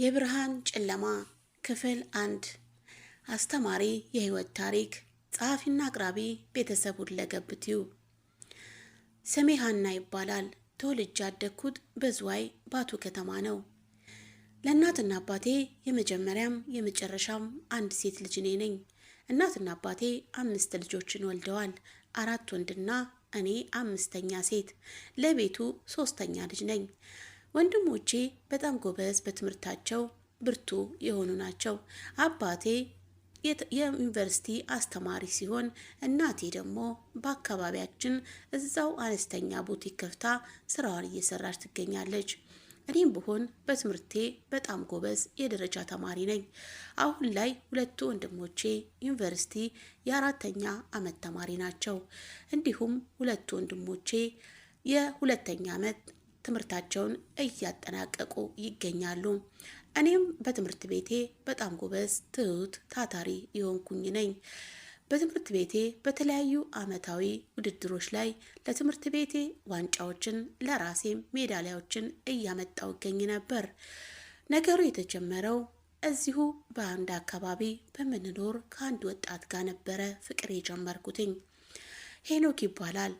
የብርሃን ጨለማ ክፍል አንድ አስተማሪ የህይወት ታሪክ ጸሐፊና አቅራቢ ቤተሰብ ሁለገብ ትዩብ ስሜ ሀና ይባላል። ተወልጄ ያደግኩት በዝዋይ ባቱ ከተማ ነው። ለእናትና አባቴ የመጀመሪያም የመጨረሻም አንድ ሴት ልጅ እኔ ነኝ። እናትና አባቴ አምስት ልጆችን ወልደዋል። አራት ወንድና እኔ አምስተኛ ሴት፣ ለቤቱ ሶስተኛ ልጅ ነኝ። ወንድሞቼ በጣም ጎበዝ፣ በትምህርታቸው ብርቱ የሆኑ ናቸው። አባቴ የዩኒቨርሲቲ አስተማሪ ሲሆን እናቴ ደግሞ በአካባቢያችን እዛው አነስተኛ ቡቲክ ከፍታ ስራዋን እየሰራች ትገኛለች። እኔም ብሆን በትምህርቴ በጣም ጎበዝ የደረጃ ተማሪ ነኝ። አሁን ላይ ሁለቱ ወንድሞቼ ዩኒቨርሲቲ የአራተኛ ዓመት ተማሪ ናቸው። እንዲሁም ሁለቱ ወንድሞቼ የሁለተኛ ዓመት ትምህርታቸውን እያጠናቀቁ ይገኛሉ። እኔም በትምህርት ቤቴ በጣም ጎበዝ፣ ትሁት፣ ታታሪ የሆንኩኝ ነኝ። በትምህርት ቤቴ በተለያዩ ዓመታዊ ውድድሮች ላይ ለትምህርት ቤቴ ዋንጫዎችን ለራሴም ሜዳሊያዎችን እያመጣው እገኝ ነበር። ነገሩ የተጀመረው እዚሁ በአንድ አካባቢ በምንኖር ከአንድ ወጣት ጋር ነበረ ፍቅር የጀመርኩትኝ። ሄኖክ ይባላል።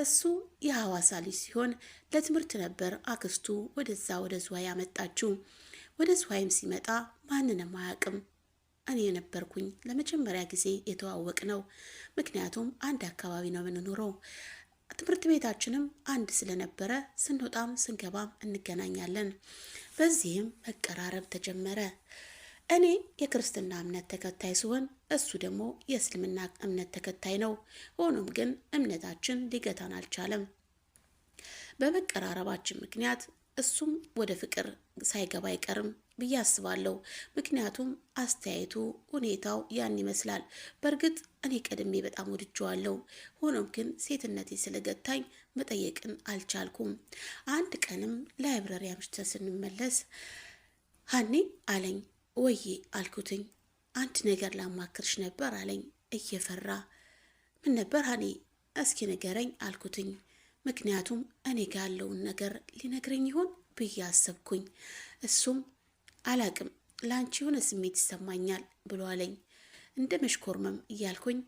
እሱ የሐዋሳ ልጅ ሲሆን ለትምህርት ነበር አክስቱ ወደዛ ወደ ዝዋይ ያመጣችው። ወደ ዝዋይም ሲመጣ ማንንም አያውቅም። እኔ የነበርኩኝ ለመጀመሪያ ጊዜ የተዋወቅ ነው። ምክንያቱም አንድ አካባቢ ነው የምንኖረው። ትምህርት ቤታችንም አንድ ስለነበረ ስንወጣም ስንገባም እንገናኛለን። በዚህም መቀራረብ ተጀመረ። እኔ የክርስትና እምነት ተከታይ ሲሆን እሱ ደግሞ የእስልምና እምነት ተከታይ ነው። ሆኖም ግን እምነታችን ሊገታን አልቻለም። በመቀራረባችን ምክንያት እሱም ወደ ፍቅር ሳይገባ አይቀርም ብዬ አስባለሁ። ምክንያቱም አስተያየቱ፣ ሁኔታው ያን ይመስላል። በእርግጥ እኔ ቀድሜ በጣም ወድጀዋለሁ። ሆኖም ግን ሴትነቴ ስለገታኝ መጠየቅን አልቻልኩም። አንድ ቀንም ላይብረሪ አምሽተን ስንመለስ ሀኔ አለኝ ወይዬ አልኩትኝ። አንድ ነገር ላማክርሽ ነበር አለኝ እየፈራ። ምን ነበር ሀኔ? እስኪ ንገረኝ አልኩትኝ። ምክንያቱም እኔ ጋ ያለውን ነገር ሊነግረኝ ይሆን ብዬ አሰብኩኝ። እሱም አላቅም ለአንቺ የሆነ ስሜት ይሰማኛል ብሎ አለኝ። እንደ መሽኮርመም እያልኩኝ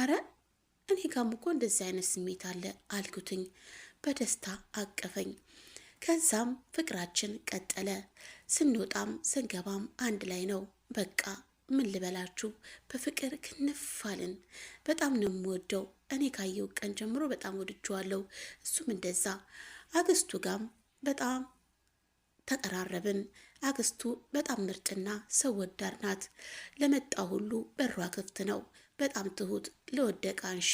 አረ እኔ ጋም እኮ እንደዚህ አይነት ስሜት አለ አልኩትኝ። በደስታ አቀፈኝ። ከዛም ፍቅራችን ቀጠለ። ስንወጣም ስንገባም አንድ ላይ ነው። በቃ ምን ልበላችሁ፣ በፍቅር ክንፋልን። በጣም ነው የምወደው። እኔ ካየው ቀን ጀምሮ በጣም ወድጀዋለሁ። እሱም እንደዛ። አግስቱ ጋም በጣም ተቀራረብን። አግስቱ በጣም ምርጥና ሰው ወዳድ ናት። ለመጣ ሁሉ በሯ ክፍት ነው። በጣም ትሁት፣ ለወደቀ አንሺ፣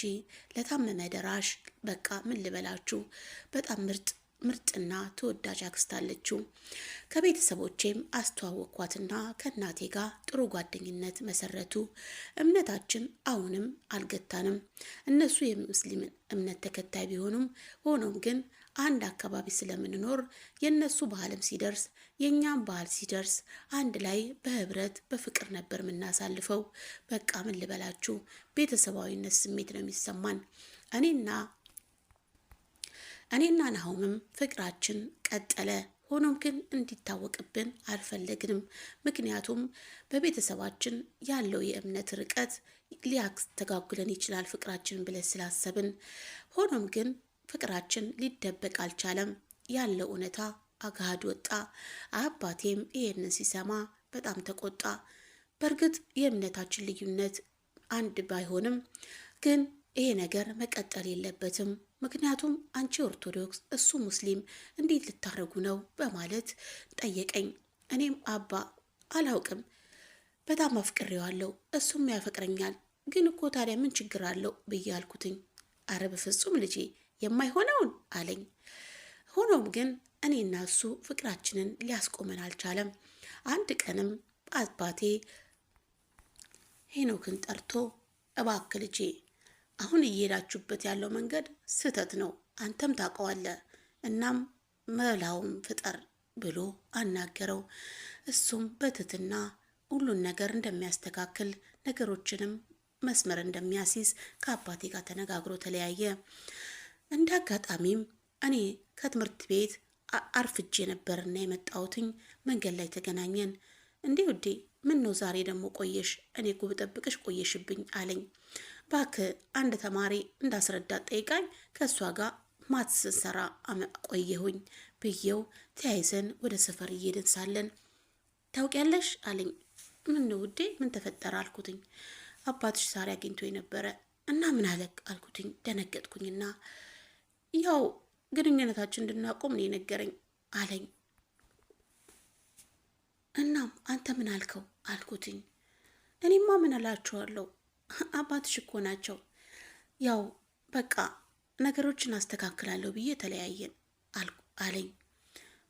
ለታመመ ደራሽ። በቃ ምን ልበላችሁ በጣም ምርጥ ምርጥና ተወዳጅ አክስት አለችው። ከቤተሰቦቼም አስተዋወቅኳትና ከእናቴ ጋር ጥሩ ጓደኝነት መሰረቱ። እምነታችን አሁንም አልገታንም። እነሱ የሙስሊም እምነት ተከታይ ቢሆኑም ሆኖም ግን አንድ አካባቢ ስለምንኖር የእነሱ ባህልም ሲደርስ የእኛም ባህል ሲደርስ አንድ ላይ በህብረት በፍቅር ነበር የምናሳልፈው። በቃ ምን ልበላችሁ፣ ቤተሰባዊነት ስሜት ነው የሚሰማን። እኔና እኔና ናሆምም ፍቅራችን ቀጠለ። ሆኖም ግን እንዲታወቅብን አልፈለግንም። ምክንያቱም በቤተሰባችን ያለው የእምነት ርቀት ሊያስተጋጉለን ይችላል ፍቅራችን ብለን ስላሰብን። ሆኖም ግን ፍቅራችን ሊደበቅ አልቻለም። ያለው እውነታ አጋሃድ ወጣ። አባቴም ይሄንን ሲሰማ በጣም ተቆጣ። በእርግጥ የእምነታችን ልዩነት አንድ ባይሆንም ግን ይሄ ነገር መቀጠል የለበትም ምክንያቱም አንቺ ኦርቶዶክስ እሱ ሙስሊም እንዴት ልታረጉ ነው በማለት ጠየቀኝ። እኔም አባ አላውቅም፣ በጣም አፍቅሬዋለሁ፣ እሱም ያፈቅረኛል። ግን እኮ ታዲያ ምን ችግር አለው ብዬ አልኩትኝ። አረ በፍጹም ልጄ የማይሆነውን አለኝ። ሆኖም ግን እኔና እሱ ፍቅራችንን ሊያስቆመን አልቻለም። አንድ ቀንም አባቴ ሄኖክን ጠርቶ እባክ ልጄ አሁን እየሄዳችሁበት ያለው መንገድ ስህተት ነው፣ አንተም ታውቀዋለህ። እናም መላውም ፍጠር ብሎ አናገረው። እሱም በትትና ሁሉን ነገር እንደሚያስተካክል ነገሮችንም መስመር እንደሚያስይዝ ከአባቴ ጋር ተነጋግሮ ተለያየ። እንደ አጋጣሚም እኔ ከትምህርት ቤት አርፍጄ ነበርና የመጣሁትኝ መንገድ ላይ ተገናኘን። እንዲህ ውዴ ምን ነው ዛሬ ደግሞ ቆየሽ? እኔ እኮ ብጠብቅሽ ቆየሽብኝ አለኝ። ባክ አንድ ተማሪ እንዳስረዳት ጠይቃኝ ከእሷ ጋር ማት ስንሰራ ቆየሁኝ ብየው ተያይዘን ወደ ሰፈር እየሄድን ሳለን ታውቂያለሽ አለኝ። ምን ነው ውዴ ምን ተፈጠረ አልኩትኝ። አባትሽ ዛሬ አግኝቶ የነበረ እና ምን አለክ አልኩትኝ። ደነገጥኩኝና ያው ግንኙነታችን እንድናቆም ነው የነገረኝ አለኝ። እናም አንተ ምን አልከው አልኩትኝ። እኔማ ምን እላችኋለሁ አባትሽ እኮ ናቸው። ያው በቃ ነገሮችን አስተካክላለሁ ብዬ ተለያየን አለኝ።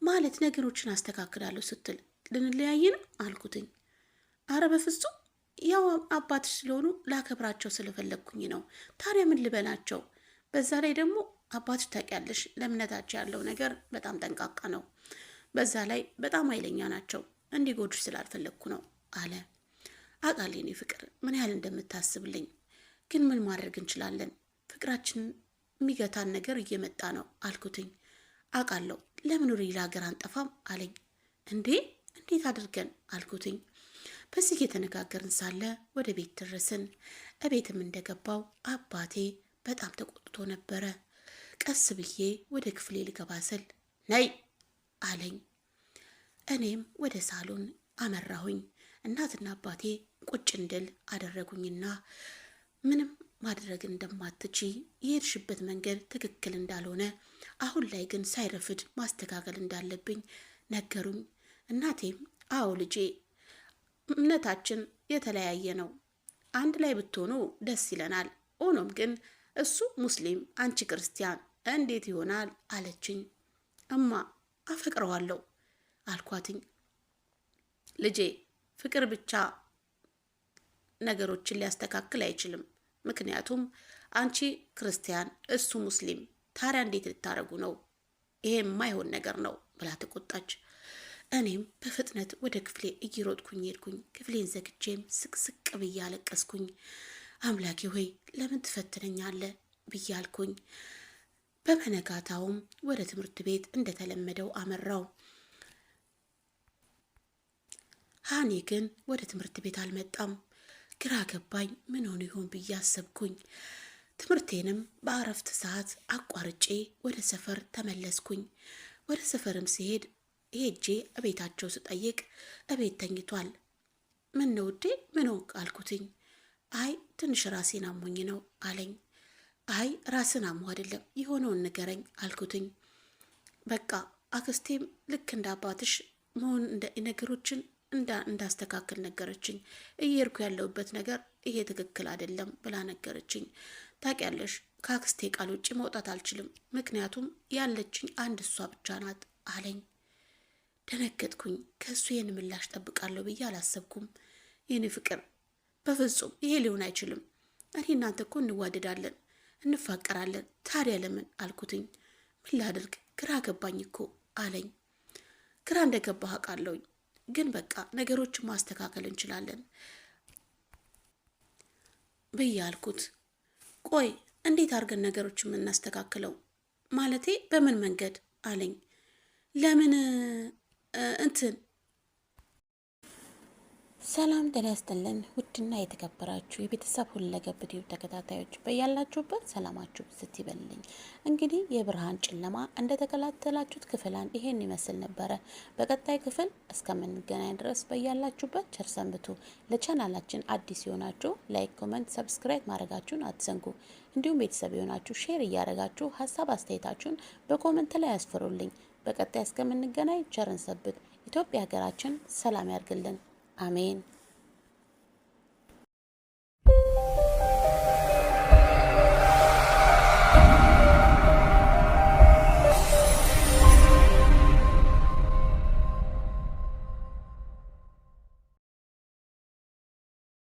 ማለት ነገሮችን አስተካክላለሁ ስትል ልንለያየን አልኩትኝ። አረ በፍጹም ያው አባትሽ ስለሆኑ ላከብራቸው ስለፈለግኩኝ ነው። ታዲያ ምን ልበላቸው? በዛ ላይ ደግሞ አባትሽ ታውቂያለሽ፣ ለእምነታቸው ያለው ነገር በጣም ጠንቃቃ ነው። በዛ ላይ በጣም ኃይለኛ ናቸው። እንዲጎዱሽ ስላልፈለግኩ ነው አለ። አውቃለሁ የኔ ፍቅር ምን ያህል እንደምታስብልኝ፣ ግን ምን ማድረግ እንችላለን? ፍቅራችን የሚገታን ነገር እየመጣ ነው አልኩትኝ። አውቃለሁ ለምን ወደ ሌላ ሀገር አንጠፋም አለኝ። እንዴ እንዴት አድርገን አልኩትኝ። በዚህ የተነጋገርን ሳለ ወደ ቤት ደረስን። እቤትም እንደገባው አባቴ በጣም ተቆጥቶ ነበረ። ቀስ ብዬ ወደ ክፍሌ ልገባ ስል ነይ አለኝ። እኔም ወደ ሳሎን አመራሁኝ። እናትና አባቴ ቁጭ እንድል አደረጉኝና ምንም ማድረግ እንደማትች የሄድሽበት መንገድ ትክክል እንዳልሆነ አሁን ላይ ግን ሳይረፍድ ማስተካከል እንዳለብኝ ነገሩኝ። እናቴም አዎ ልጄ፣ እምነታችን የተለያየ ነው። አንድ ላይ ብትሆኑ ደስ ይለናል። ሆኖም ግን እሱ ሙስሊም፣ አንቺ ክርስቲያን እንዴት ይሆናል አለችኝ። እማ አፈቅረዋለሁ አልኳትኝ። ልጄ ፍቅር ብቻ ነገሮችን ሊያስተካክል አይችልም። ምክንያቱም አንቺ ክርስቲያን፣ እሱ ሙስሊም፣ ታዲያ እንዴት ልታደርጉ ነው? ይሄ የማይሆን ነገር ነው ብላ ተቆጣች። እኔም በፍጥነት ወደ ክፍሌ እየሮጥኩኝ ሄድኩኝ። ክፍሌን ዘግቼም ስቅስቅ ብዬ አለቀስኩኝ። አምላኬ ሆይ ለምን ትፈትነኛለ ብያልኩኝ። በመነጋታውም ወደ ትምህርት ቤት እንደተለመደው አመራው። ሃኒ ግን ወደ ትምህርት ቤት አልመጣም። ግራ ገባኝ። ምን ሆኖ ይሆን ብዬ አሰብኩኝ። ትምህርቴንም በአረፍት ሰዓት አቋርጬ ወደ ሰፈር ተመለስኩኝ። ወደ ሰፈርም ሲሄድ ሄጄ እቤታቸው ስጠይቅ እቤት ተኝቷል። ምን ነው ውዴ ምን ሆንክ አልኩትኝ። አይ ትንሽ ራሴን አሞኝ ነው አለኝ። አይ ራስን አሞ አይደለም የሆነውን ንገረኝ አልኩትኝ። በቃ አክስቴም ልክ እንደ አባትሽ መሆን ነገሮችን እንዳስተካክል ነገረችኝ። እየሄድኩ ያለሁበት ነገር ይሄ ትክክል አይደለም ብላ ነገረችኝ። ታውቂያለሽ ከአክስቴ ቃል ውጭ መውጣት አልችልም፣ ምክንያቱም ያለችኝ አንድ እሷ ብቻ ናት አለኝ። ደነገጥኩኝ። ከእሱ ይህን ምላሽ ጠብቃለሁ ብዬ አላሰብኩም። ይህን ፍቅር በፍጹም ይሄ ሊሆን አይችልም። እኔ እናንተ እኮ እንዋደዳለን፣ እንፋቀራለን። ታዲያ ለምን አልኩትኝ። ምን ላድርግ ግራ ገባኝ እኮ አለኝ። ግራ እንደገባህ አውቃለሁኝ ግን በቃ ነገሮችን ማስተካከል እንችላለን ብዬ አልኩት። ቆይ እንዴት አድርገን ነገሮች የምናስተካክለው ማለቴ በምን መንገድ አለኝ። ለምን እንትን ሰላም ጤና ይስጥልን። ውድና የተከበራችሁ የቤተሰብ ሁለገብ ዩቲዩብ ተከታታዮች በያላችሁበት ሰላማችሁ ብዝት ይበልልኝ። እንግዲህ የብርሃን ጨለማ እንደተከታተላችሁት ክፍል አንድ ይሄን ይመስል ነበረ። በቀጣይ ክፍል እስከምንገናኝ ድረስ በያላችሁበት ቸር ሰንብቱ። ለቻናላችን አዲስ የሆናችሁ ላይክ፣ ኮመንት፣ ሰብስክራይብ ማድረጋችሁን አትዘንጉ። እንዲሁም ቤተሰብ የሆናችሁ ሼር እያደረጋችሁ ሀሳብ አስተያየታችሁን በኮመንት ላይ ያስፈሩልኝ። በቀጣይ እስከምንገናኝ ቸርን ኢትዮጵያ ሀገራችን ሰላም ያርግልን። ആമേൻ